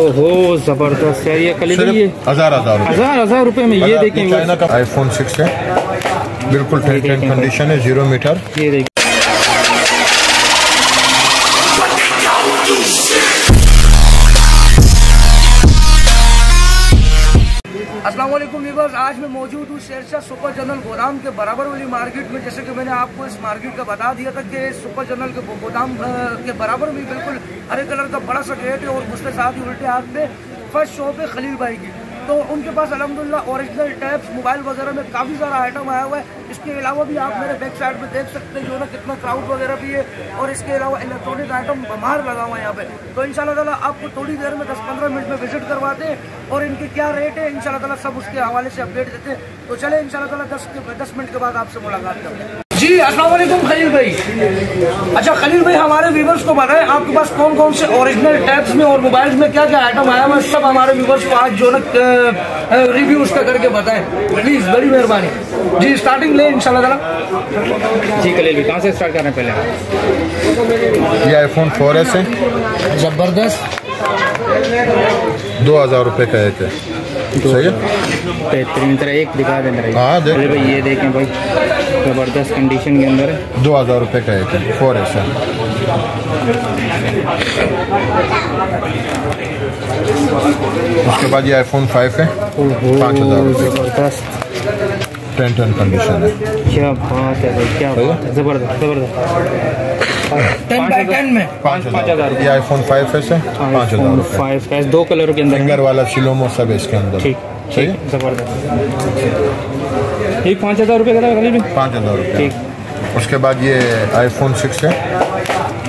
ओहो जबरदस्त यार ये कलर ये हजार हजार हजार हजार रुपए में ये देखेंगे आईफोन सिक्स है बिल्कुल कंडीशन है जीरो मीटर ये देखिए व्यूवर्स आज मैं मौजूद हूँ शेरशाह सुपर जनरल गोदाम के बराबर वाली मार्केट में जैसे कि मैंने आपको इस मार्केट का बता दिया था कि सुपर जनरल के गोदाम के बराबर में बिल्कुल हरे कलर का बड़ा सा गेट है और उसके साथ ही उल्टे हाथ में फर्स्ट शॉप है खलील भाई की तो उनके पास अलहमदिल्ला औरिजिनल टैप्स मोबाइल वगैरह में काफ़ी सारा आइटम आया हुआ है इसके अलावा भी आप मेरे बैक साइड में देख सकते हैं जो ना कितना क्राउड वगैरह भी है और इसके अलावा इलेक्ट्रॉनिक आइटम बाहर लगा हुआ है यहाँ पे तो इन ताला आपको थोड़ी देर में दस पंद्रह मिनट में विजिट करवाते हैं और इनके क्या रेट है इन ताला सब उसके हवाले से अपडेट देते हैं तो चले इन ताला दस दस मिनट के बाद आपसे मुलाकात करते हैं जी असलम खलील भाई अच्छा खलील भाई हमारे व्यूवर्स को बताएं आपके पास कौन कौन से ओरिजिनल टैब्स में और मोबाइल्स में क्या क्या आइटम आया हुआ सब हमारे व्यूवर्स को आज जो ना रिव्यू उसका करके बताएं प्लीज़ बड़ी मेहरबानी जी स्टार्टिंग ले इंशाल्लाह जी खलील भाई कहाँ से स्टार्ट करें पहले ये आईफोन फोर है ज़बरदस्त दो हज़ार रुपये का एक है तो बेहतरीन तरह एक दिखा दें हाँ, अरे भाई ये देखें भाई ज़बरदस्त कंडीशन के अंदर दो हज़ार रुपये का एक फोर एस उसके बाद ये आईफोन फाइव है पाँच हज़ार ज़बरदस्त टेंट एंड कंडीशन है क्या बात है भाई क्या बात है ज़बरदस्त ज़बरदस्त आईफोन फाइव एस है हाँ, पाँच हज़ार फाइव एस दो कलर के अंदर फिंगर वाला सब इसके अंदर ठीक ठीक ज़बरदस्त पाँच हज़ार रुपये पाँच हज़ार ठीक उसके बाद ये आईफोन सिक्स है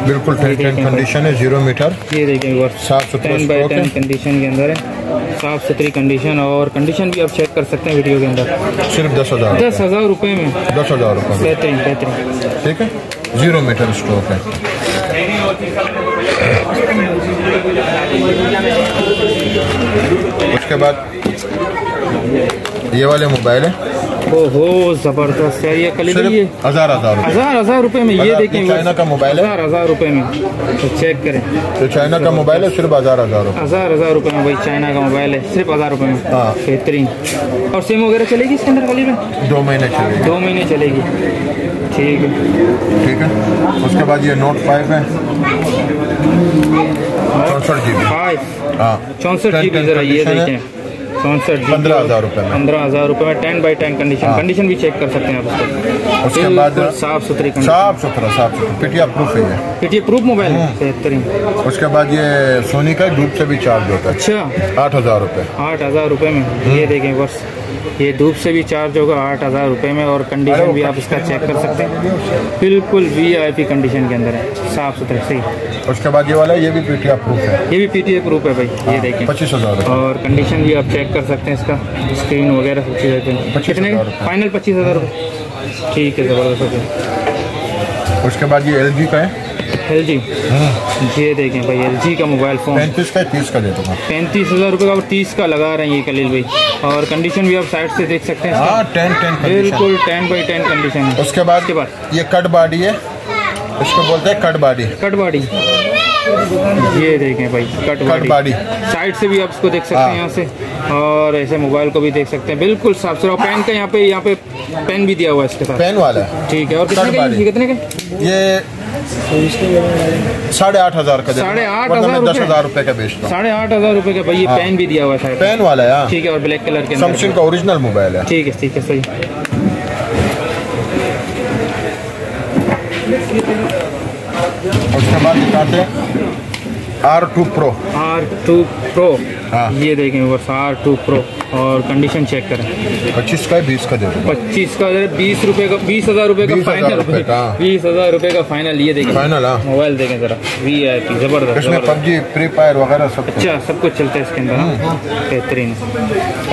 बिल्कुल कंडीशन है जीरो मीटर ये देखिए साफ सुथरा कंडीशन के अंदर है साफ़ सुथरी कंडीशन और कंडीशन भी आप चेक कर सकते हैं वीडियो के अंदर सिर्फ दस हज़ार दस हज़ार रुपये में दस हज़ार रुपये बेहतरीन बेहतरीन ठीक है जीरो मीटर स्टॉक है उसके बाद ये वाले मोबाइल है ओहो जबरदस्त यार ये कलर हजार हजार हजार हजार रुपए में ये देखें चाइना का मोबाइल है हजार हजार रुपए में तो चेक करें तो चाइना का मोबाइल है सिर्फ हजार हजार हजार हजार रुपए में भाई चाइना का मोबाइल है सिर्फ हजार रुपए में हाँ। बेहतरीन और सिम वगैरह चलेगी इसके अंदर करीबन दो महीने चलेगी दो महीने चलेगी ठीक है ठीक है उसके बाद ये नोट फाइव है हाँ। चौंसठ जी बी हाँ। चौंसठ जी बी जरा ये देखें चौंसठ पंद्रह हज़ार रुपये पंद्रह हज़ार रुपये में ten by ten condition condition हाँ। भी चेक कर सकते हैं आप उसको उसके बाद साफ सुथरी साफ सुथरा साफ सुथरा पीटीआर प्रूफ है पीटीए प्रूफ मोबाइल है बेहतरीन उसके बाद ये सोनी का डूब से भी चार्ज होता है अच्छा आठ हज़ार रुपये आठ हज़ार रुपये में हाँ। ये देखें बस ये धूप से भी चार्ज होगा आठ हज़ार रुपये में और कंडीशन भी आप इसका चेक कर सकते हैं बिल्कुल वीआईपी कंडीशन के अंदर है साफ सुथरे सही उसके बाद ये वाला ये भी पी प्रूफ है ये भी पी प्रूफ है भाई ये हाँ, देखिए पच्चीस हज़ार और कंडीशन भी आप चेक कर सकते हैं इसका स्क्रीन वगैरह सब चीज़ें कितने फाइनल पच्चीस हज़ार ठीक है ज़बरदस्त उसके बाद ये एल का है एल जी ये देखें भाई एल जी का मोबाइल फ़ोन पैंतीस का तीस का दे दूँगा पैंतीस हज़ार रुपये का और तीस का लगा रहे हैं ये कलील भाई और कंडीशन भी आप साइड से देख सकते हैं हाँ टेन टेन बिल्कुल टेन बाई टेन कंडीशन है उसके बाद के बाद ये कट बाडी है इसको बोलते हैं कट बाडी कट बाडी ये देखें भाई कट बाडी, बाडी। साइड से भी आप इसको देख सकते हैं हाँ। यहाँ से और ऐसे मोबाइल को भी देख सकते हैं बिल्कुल साफ सुथरा पेन का यहाँ पे यहाँ पे पेन भी दिया हुआ है इसके साथ पेन वाला ठीक है और कितने का कितने का ये तो साढ़े आठ हजार का मतलब साढ़े आठ हजार दस हजार रुपए का बेचता साढ़े आठ हजार रुपए का भाई हाँ। पेन भी दिया हुआ है पेन वाला है हाँ। ठीक है और ब्लैक कलर के सैमसंग का ओरिजिनल मोबाइल है ठीक है ठीक है सही उसके बाद दिखाते हैं R two pro R two pro हाँ ये देखें बस आर टू प्रो और कंडीशन चेक करें पच्चीस का बीस का दे पच्चीस का दे बीस रुपए का बीस हजार रुपए का फाइनल हाँ। बीस हजार रुपए का फाइनल ये देखें फाइनल हाँ। मोबाइल देखें जरा वी आई पी जबरदस्त पबजी फ्री फायर वगैरह सब अच्छा सब कुछ चलता है इसके अंदर हाँ। हम्म, बेहतरीन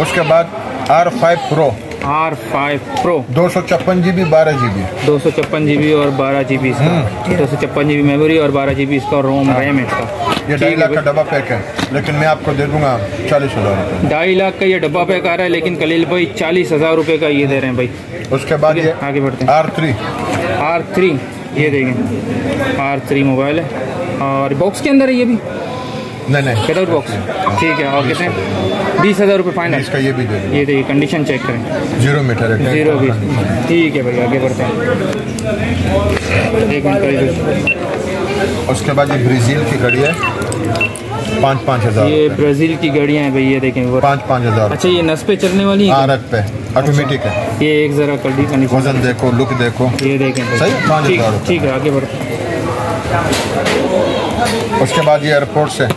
उसके बाद R five pro R five pro दो सौ छप्पन जी बी बारह जी बी दो सौ छप्पन जी बी और बारह जी बी इसका हम्म। दो सौ छप्पन जी बी मेमोरी और बारह जी बी इसका रोम रैम इसका ये ढाई लाख का डब्बा पैक है लेकिन मैं आपको दे दूंगा चालीस हज़ार रुपये ढाई लाख का ये डब्बा पैक आ रहा है लेकिन कलील भाई चालीस हज़ार रुपये का ये दे रहे हैं भाई उसके बाद ये आगे बढ़ते हैं आर थ्री आर थ्री ये देखें आर थ्री मोबाइल है और बॉक्स के अंदर है ये भी नहीं नहीं विदाउट बॉक्स ठीक है और कितने बीस हज़ार रुपये फाइनल इसका ये भी दे ये देखिए कंडीशन चेक करें जीरो मीटर है जीरो भी ठीक है भाई आगे बढ़ते हैं एक मिनट उसके बाद ये ब्राज़ील की घड़ी है पाँच पाँच हज़ार ये ब्राज़ील की गाड़ियाँ हैं भाई ये देखें वो पाँच पाँच हज़ार अच्छा ये नस पे चलने वाली है हाँ, रथ पे ऑटोमेटिक अच्छा, है ये एक ज़रा कड़ी का वजन देखो लुक देखो ये देखें सही पाँच हज़ार ठीक है आगे बढ़ो उसके बाद ये एयरपोर्ट से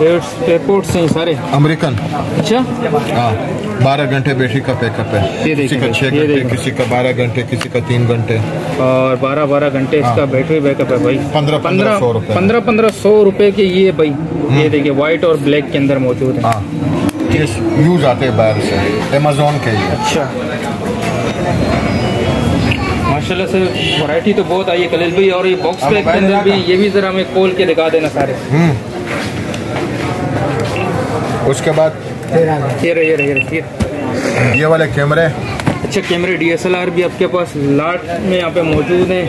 पेपोर्ट्स हैं सारे अमेरिकन अच्छा हाँ, बारह घंटे बैटरी का पैकअप है किसी का छह घंटे किसी का बारह घंटे किसी का तीन घंटे और बारह बारह घंटे हाँ। इसका बैटरी बैकअप है भाई पंद्रह पंद्रह सौ रुपये पंद्रह पंद्रह सौ रुपये के ये भाई ये हम्म। देखिए व्हाइट और ब्लैक के अंदर मौजूद है हाँ। ये यूज आते हैं बाहर से अमेजोन के लिए अच्छा माशाल्लाह से वैरायटी तो बहुत आई है कलील भाई और ये बॉक्स पैक के अंदर भी ये भी जरा हमें खोल के दिखा देना सारे हम्म। उसके बाद ये ये ये ये वाले कैमरे अच्छा कैमरे डीएसएलआर भी आपके पास लाट में यहाँ पे मौजूद है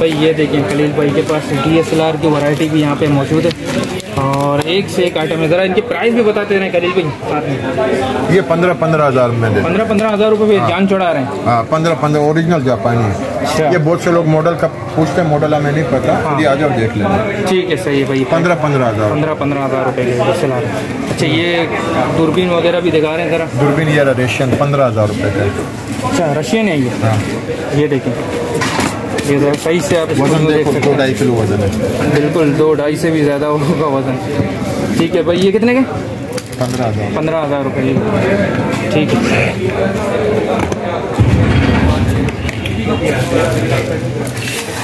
भाई ये देखें खलील भाई के पास डीएसएलआर की वैरायटी भी यहाँ पे मौजूद है और एक से एक आइटम है ज़रा इनके प्राइस भी बताते रहे करीब भाई साथ में ये पंद्रह पंद्रह हज़ार में पंद्रह पंद्रह हज़ार रुपये हाँ। जान चढ़ा रहे हैं हाँ पंद्रह पंद्रह ओरिजिनल जापानी है अच्छा। ये बहुत से लोग मॉडल का पूछते हैं मॉडल हमें नहीं पता हाँ। आ जाओ देख लेना ठीक है सही है भाई पंद्रह पंद्रह हज़ार पंद्रह पंद्रह हज़ार रुपये अच्छा ये दूरबीन वगैरह भी दिखा रहे हैं ज़रा दूरबीन ये रशियन पंद्रह हज़ार रुपये का अच्छा रशियन है ये हाँ। ये देखें ये कई तो से आप वजन तो देख सकते दो ढाई किलो वजन है बिल्कुल दो ढाई से भी ज़्यादा होगा वजन ठीक है भाई ये कितने के पंद्रह हज़ार पंद्रह हज़ार रुपये ठीक है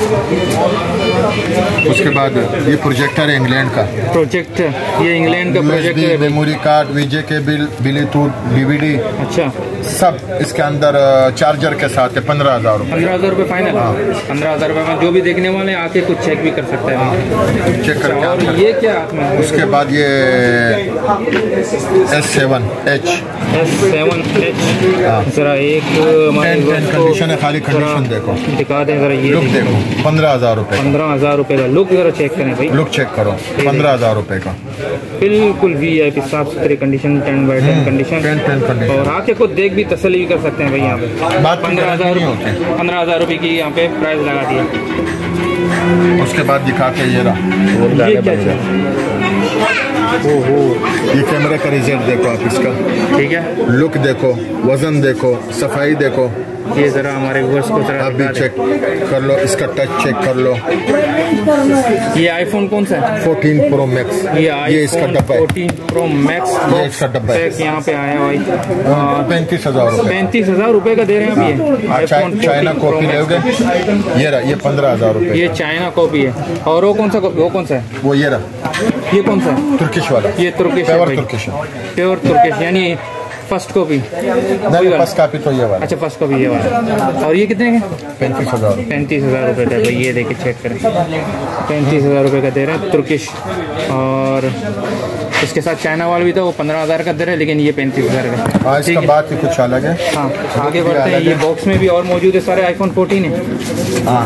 उसके बाद ये प्रोजेक्टर इंग्लैंड का प्रोजेक्टर ये इंग्लैंड का प्रोजेक्टर मेमोरी कार्ड वीजे के बिल ब्लूटूथ डीवीडी अच्छा सब इसके अंदर चार्जर के साथ है पंद्रह हजार पंद्रह हजार रूपए फाइनल हाँ। पंद्रह हजार रूपए जो भी देखने वाले आके कुछ चेक भी कर सकते हैं चेक अच्छा, कर ये क्या उसके बाद ये S seven H S seven H जरा एक कंडीशन है खाली कंडीशन देखो दिखा दें जरा ये देखो पंद्रह हजार रुपये पंद्रह हजार रुपये का लुक जरा चेक करें भाई लुक चेक करो पंद्रह हजार रुपये का बिल्कुल वी आई पी साफ सुथरी condition ten by ten condition और आके खुद देख भी तसली भी कर सकते हैं भाई यहाँ पे तो पंद्रह हजार पंद्रह हजार रुपये की यहाँ पे प्राइस लगा दिया उसके बाद दिखा के ये रहा ये ओहो ये कैमरे का रिजल्ट देखो आप इसका ठीक है लुक देखो वजन देखो सफाई देखो ये ज़रा हमारे व्यूअर्स को ज़रा अभी चेक कर लो इसका टच चेक कर लो ये आईफोन कौन सा है 14 प्रो मैक्स ये ये इसका डब्बा है 14 प्रो मैक्स ये इसका डब्बा है यहाँ पे आया भाई हाँ, पैंतीस हज़ार पैंतीस हज़ार रुपये का दे रहे हैं अभी चाइना हाँ। हाँ, कॉपी ले ये रहा ये पंद्रह हज़ार रुपये ये चाइना कॉपी है और वो कौन सा वो कौन सा है वो ये रहा ये कौन सा है तुर्किश वाला ये Turkish pure Turkish pure Turkish यानी फर्स्ट कॉपी फर्स्ट कॉपी तो ये वाला अच्छा फर्स्ट कॉपी ये वाला और ये कितने के पैंतीस हज़ार पैंतीस हज़ार रुपये का भाई तो ये देखिए चेक करें पैंतीस हज़ार रुपये का दे रहा है तुर्किश और इसके साथ चाइना वाला भी था तो वो पंद्रह हज़ार का दे रहा है लेकिन ये पैंतीस हज़ार का आज हाँ, बात ही कुछ अलग है हाँ आगे बढ़ते हैं ये बॉक्स में भी और मौजूद है सारे आईफोन हाँ। फोर्टीन है हाँ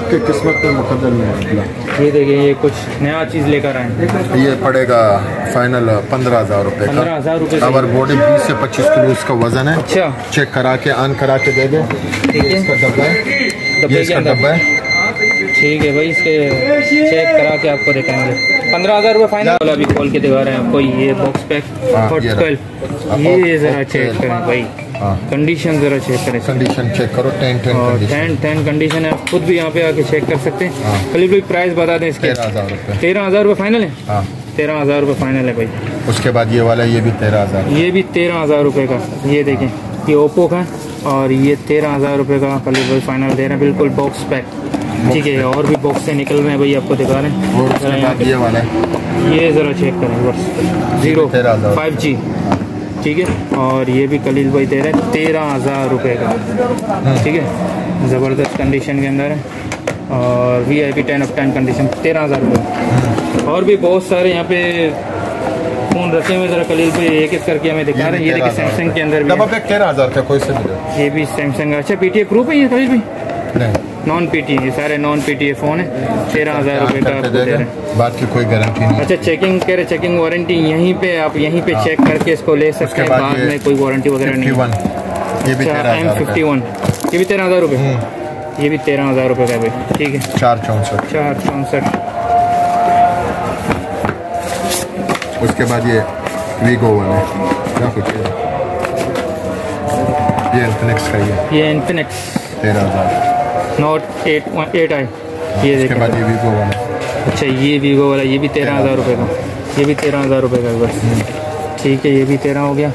आपके किस्मत में मुकदम है ये देखिए ये कुछ नया चीज़ लेकर आए ये पड़ेगा फाइनल पंद्रह हज़ार रूपए का पंद्रह हज़ार बॉडी बीस से पच्चीस किलो इसका वजन है अच्छा चेक करा के अन करा के दे दे इसका डब्बा है डब्बा है ठीक है भाई इसके चेक करा के आपको दिखाएंगे पंद्रह हज़ार रुपये फाइनल अभी खोल के दिखा रहे हैं आपको ये बॉक्स पैक हॉट ये ज़रा चेक करें भाई कंडीशन ज़रा चेक करें कंडीशन चेक करो ten ten ten ten condition है आप खुद भी यहाँ पे आके चेक कर सकते हैं कल भी प्राइस बता दें इसके तेरह हज़ार रुपये फाइनल है हाँ। तेरह हज़ार रुपये फाइनल है भाई उसके बाद ये वाला ये भी तेरह हज़ार ये भी तेरह हज़ार रुपये का ये देखें ये ओप्पो का और ये तेरह हज़ार रुपये का कल फाइनल दे रहे हैं बिल्कुल बॉक्स पैक ठीक है और भी बॉक्स से निकल रहे हैं भाई आपको दिखा रहे हैं ये ये ज़रा चेक करें बस जीरो फाइव जी ठीक है और ये भी कलील भाई दे रहे हैं तेरह हज़ार रुपये का हाँ। ठीक है ज़बरदस्त कंडीशन के अंदर है और V I P ten of ten condition तेरह हज़ार रुपये हाँ। और भी बहुत सारे यहाँ पे फ़ोन रखे हुए ज़रा कलील भाई एक एक करके हमें दिखा रहे हैं ये देखिए सैमसंग के अंदर भी तेरह हज़ार ये भी सैमसंग अच्छा पी टी प्रूफ है ये कलील भाई नॉन पीटीए सारे नॉन पीटीए फ़ोन है तेरह हज़ार रुपए का आपको दे रहे हैं बाकी कोई गारंटी नहीं अच्छा चेकिंग कह रहे चेकिंग वारंटी यहीं पे आप यहीं पे चेक हाँ। करके इसको ले सकते हैं बाद में कोई वारंटी वगैरह नहीं ये एम फिफ्टी वन ये भी तेरह हज़ार रुपए हम्म। ये भी तेरह हज़ार रुपए का भाई ठीक है चार चौंसठ चार चौंसठ उसके बाद ये वीगो वन है क्या कुछ ये इन्फिनिक्स का ये इन्फिनिक्स तेरह हज़ार नोट एट एट आई ये देखिए वीवो वाला अच्छा ये वीवो वाला ये भी तेरह हज़ार रुपये का ये भी तेरह हज़ार रुपये का बस हम्म। ठीक है ये भी तेरह हो गया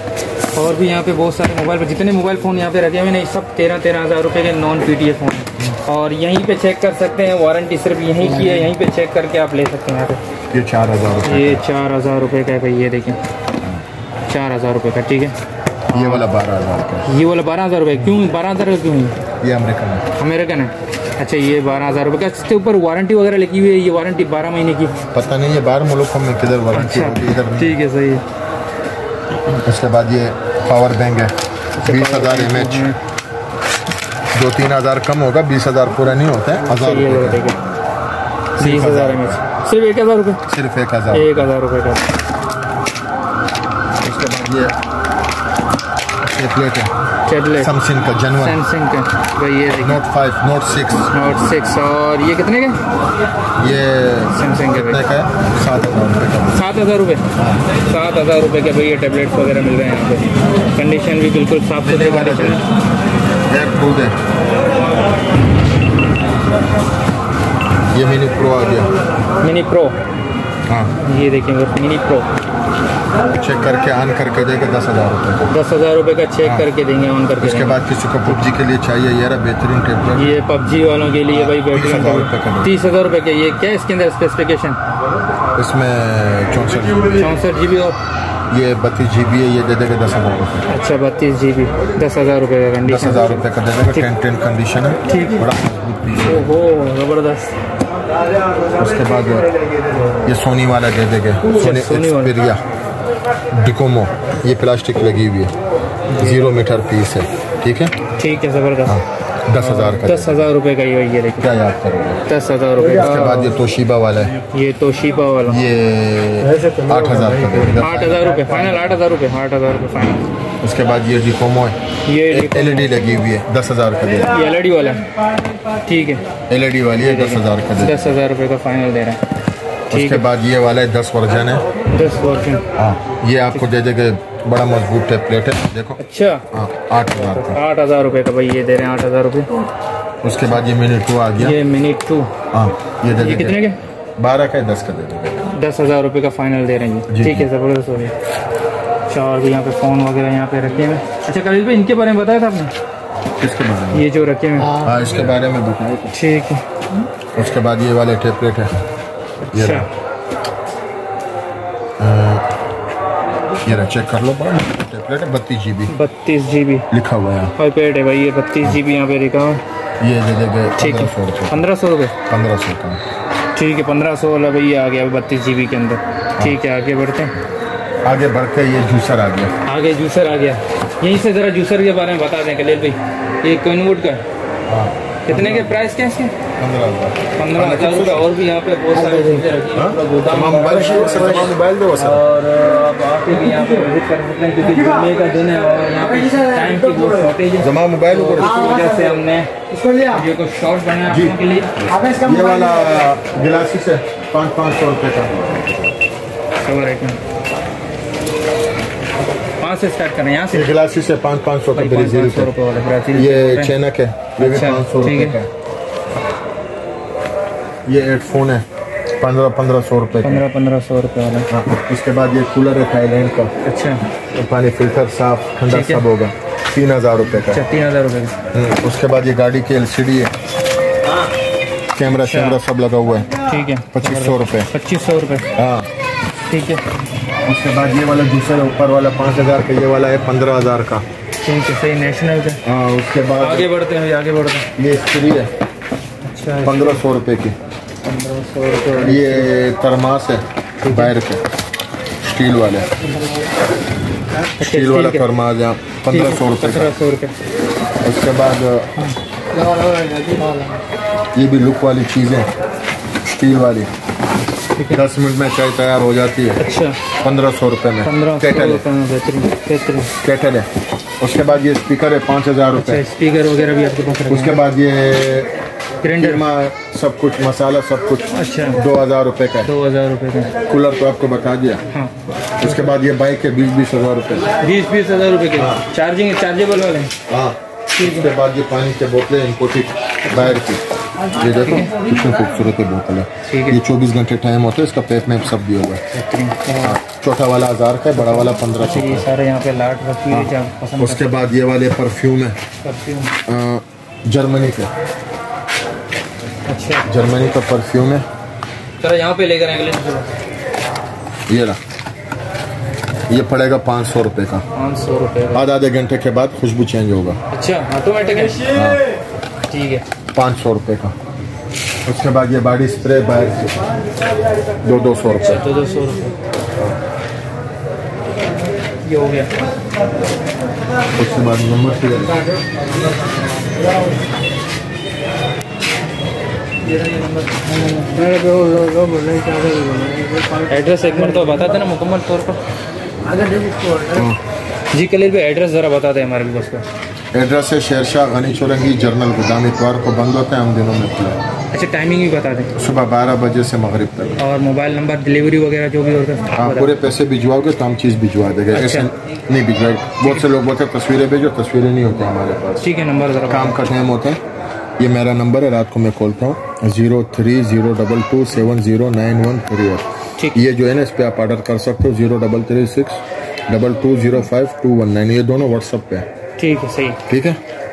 और भी यहाँ पे बहुत सारे मोबाइल पर जितने मोबाइल फ़ोन यहाँ पे रखे हुए नहीं सब तेरह तेरह हज़ार रुपये के non P T A phone और यहीं पे चेक कर सकते हैं वारंटी सिर्फ यहीं की है हम्म। यहीं पे चेक करके आप ले सकते हैं यहाँ पे ये चार हज़ार ये चार हज़ार रुपये का है भाई ये देखें चार हज़ार रुपये का ठीक है ये वाला बारह हज़ार का ये वाला बारह हज़ार रुपये क्यों बारह हज़ार का क्यों ये अमेरिकन है अमेरिकन है अच्छा ये बारह हज़ार रुपये का इसके ऊपर वारंटी वगैरह लिखी हुई है ये वारंटी बारह महीने की पता नहीं ये बारह मुल्कों में किधर वारंटी अच्छा, इधर ठीक है सही है उसके बाद ये पावर बैंक है अच्छा, बीस हज़ार एम एच दो तीन हज़ार कम होगा बीस हज़ार पूरा नहीं होता है हज़ार बीस हज़ार एम एच सिर्फ एक हज़ार रुपये सिर्फ एक हज़ार एक हज़ार रुपये का उसके बाद ये ये प्लेट है टेबलेट सैमसंग का जनवन सैमसंग का भाई ये देखिए नोट 5 नोट 6 नोट 6 और ये कितने के ये सैमसंग के का सात हज़ार रुपये का हाँ। सात हज़ार रुपये सात हज़ार रुपये के भाई ये टेबलेट्स वगैरह मिल रहे हैं यहाँ पे कंडीशन भी बिल्कुल साफ सुथरी कंडीशन है फूड है ये मिनी प्रो आ गया मिनी प्रो हाँ ये देखेंगे मिनी प्रो चेक करके ऑन करके देगा दस हज़ार रुपये दस हज़ार रुपये का चेक करके देंगे ऑन हाँ। करके उसके बाद किसी को पबजी के लिए चाहिए यार बेहतरीन टेबलेट ये पबजी वालों के लिए भाई बेहतरीन तीस हज़ार रुपये का ये क्या इसके अंदर स्पेसिफिकेशन इसमें चौंसठ चौंसठ जी और ये बत्तीस जी बी है ये दे देगा दस हज़ार रुपये अच्छा बत्तीस जी बी दस हज़ार रुपये का दस हज़ार रुपये का दे देगा टेन टेन कंडीशन है ठीक बड़ा मजबूत पीस है ओहो ज़बरदस्त उसके बाद ये सोनी वाला दे देगा सोनी एक्सपीरिया डिकोमो ये प्लास्टिक लगी हुई है ज़ीरो मीटर पीस है ठीक है ठीक है ज़बरदस्त हाँ। दस हज़ार का दस हज़ार रुपए का ये ये क्या याद करोगे दस हज़ार रुपए उसके बाद ये तोशीबा वाला है ये तोशीबा वाला ये आठ हज़ार का आठ हज़ार रुपए फाइनल आठ हज़ार रुपए आठ हज़ार रुपए फाइनल उसके बाद ये जी कोमो है ये एलईडी लगी हुई है दस हज़ार का दे रहा है एलईडी e वाला ठीक है एलईडी e वाली है दस हज़ार का दस हज़ार रुपए का फाइनल दे रहा है उसके बाद ये वाला है दस वर्जन है दस वर्जन हाँ ये आपको दे देंगे बड़ा मजबूत टेपलेट है देखो अच्छा हाँ, आठ हज़ार आठ हज़ार रुपये का भाई ये दे रहे हैं आठ हज़ार रुपये उसके बाद ये मिनी टू आ गया ये मिनी टू हाँ ये दे देंगे कितने के बारह का दस का दे देंगे दस हज़ार रुपये का फाइनल दे रहे हैं ठीक है ज़बरदस्त हो गया अच्छा और भी यहाँ पे फ़ोन वगैरह यहाँ पे रखे हुए अच्छा कभी भाई इनके बारे में बताया था आपने इसके बारे में ये जो रखे हैं हाँ, इसके बारे में बताया ठीक है उसके बाद ये वाले टेपलेट है Viene. ये रहा चेक कर लो टेबलेट है बत्तीस जी बी बत्तीस जी बी लिखा हुआ है है भाई ये बत्तीस जी बी यहाँ पे लिखा हुआ ये दे पंद्रह सौ रुपये पंद्रह सौ का ठीक है पंद्रह सौ वाला भाई आ गया बत्तीस जी बी के अंदर हाँ। ठीक है आगे बढ़ते हैं आगे बढ़ के ये जूसर आ गया आगे जूसर आ गया यहीं से ज़रा जूसर के बारे में बता दें कलेल भाई ये कनवुड का हाँ। कितने के प्राइस क्या इसके पंद्रह हज़ार और भी यहाँ पे बहुत सारे हाँ? और आके भी यहाँ पे विजिट कर सकते हैं क्योंकि जुम्मे का दिन है और यहाँ पे टाइम की बहुत शॉर्टेज है जमा मोबाइल तो वजह से हमने शॉर्ट बनाया लिए ये वाला गिलासी से पाँच पाँच सौ रुपये का सवर आइटम से स्टार्ट करें यहाँ से गिलासी से पाँच पाँच सौ का ये चैनक है ये भी अच्छा, पाँच सौ रुपये का ये हेडफोन है पंद्रह पंद्रह सौ रुपये पंद्रह पंद्रह सौ रुपये वाला हाँ उसके बाद ये कूलर है थाईलैंड का अच्छा तो पानी फिल्टर साफ ठंडा सब होगा तीन हज़ार रुपये का अच्छा तीन हज़ार रुपये हम्म, उसके बाद ये गाड़ी की एल सी डी है कैमरा शैमरा अच्छा। सब लगा हुआ है ठीक है पच्चीस सौ रुपये पच्चीस सौ रुपये हाँ ठीक है उसके बाद ये वाला दूसरा ऊपर वाला पाँच हज़ार का ये वाला है पंद्रह हज़ार का ठीक है सही नेशनल का हाँ उसके बाद आगे बढ़ते हैं आगे बढ़ते हैं ये स्त्री है अच्छा पंद्रह सौ रुपये की ये तरमास है बाहर के स्टील वाले स्टील वाला तरमास यहाँ पंद्रह सौ रुपये पंद्रह सौ रुपये उसके बाद ये भी लुक वाली चीज़ें स्टील वाली दस मिनट में चाय तैयार हो जाती है अच्छा पंद्रह सौ रुपये में केटल केटल है उसके बाद ये स्पीकर है पाँच हज़ार रुपये स्पीकर अच्छा, वगैरह भी आपके पास उसके बाद ये ग्राइंडर सब कुछ मसाला सब कुछ अच्छा दो हज़ार रुपये का दो हज़ार रुपये का कूलर तो आपको बता दिया हाँ उसके बाद ये बाइक है बीस बीस हज़ार रुपये बीस बीस हज़ार रुपये के चार्जिंग हाँ। चार्जेबल वाले हाँ उसके बाद ये पानी के बोतलें इम्पोर्टेड बाहर की ये देखो कितनी खूबसूरत है बोतल है ये चौबीस घंटे टाइम होता है इसका पैक में सब भी होगा हाँ। छोटा वाला हज़ार का है बड़ा वाला पंद्रह सौ अच्छा, सारे यहाँ पे लाट रखी है हाँ। उसके बाद ये वाले परफ्यूम है परफ्यूम जर्मनी के अच्छा जर्मनी का परफ्यूम है चलो यहाँ पे लेकर ये ना ये पड़ेगा पाँच सौ रुपये का पाँच सौ रुपये आधा आधे घंटे के बाद खुशबू चेंज होगा अच्छा ऑटोमेटिक है हाँ। ठीक है पाँच सौ रुपये का उसके बाद ये बॉडी स्प्रे बैग दो दो सौ रुपये अच्छा, दो दो सौ रुपये हो गया उसके बाद नंबर एड्रेस एक बार तो बता देना मुकम्मल तौर पर हाँ। जी कलील भाई एड्रेस ज़रा बता दें हमारे बस का एड्रेस है शेरशाह गनी चौरंगी जर्नल गुदाम इतवार को बंद होते हैं हम दिनों में खुला अच्छा टाइमिंग भी बता दें सुबह बारह बजे से मगरब तक और मोबाइल नंबर डिलीवरी वगैरह जो भी होगा हाँ पूरे पैसे भिजवाओगे तो हम चीज़ भिजवा देंगे अच्छा। ऐसे नहीं भिजवाए बहुत से लोग बोलते तस्वीरें भेजो तस्वीरें नहीं होती हमारे पास ठीक है नंबर काम करते होते हैं ये मेरा नंबर है रात को मैं खोलता हूँ zero three zero double two seven zero nine one three eight ये जो है ना इस पर आप ऑर्डर कर सकते हो zero double three six double two zero five two one nine ये दोनों व्हाट्सअप पे है ठीक है सही ठीक है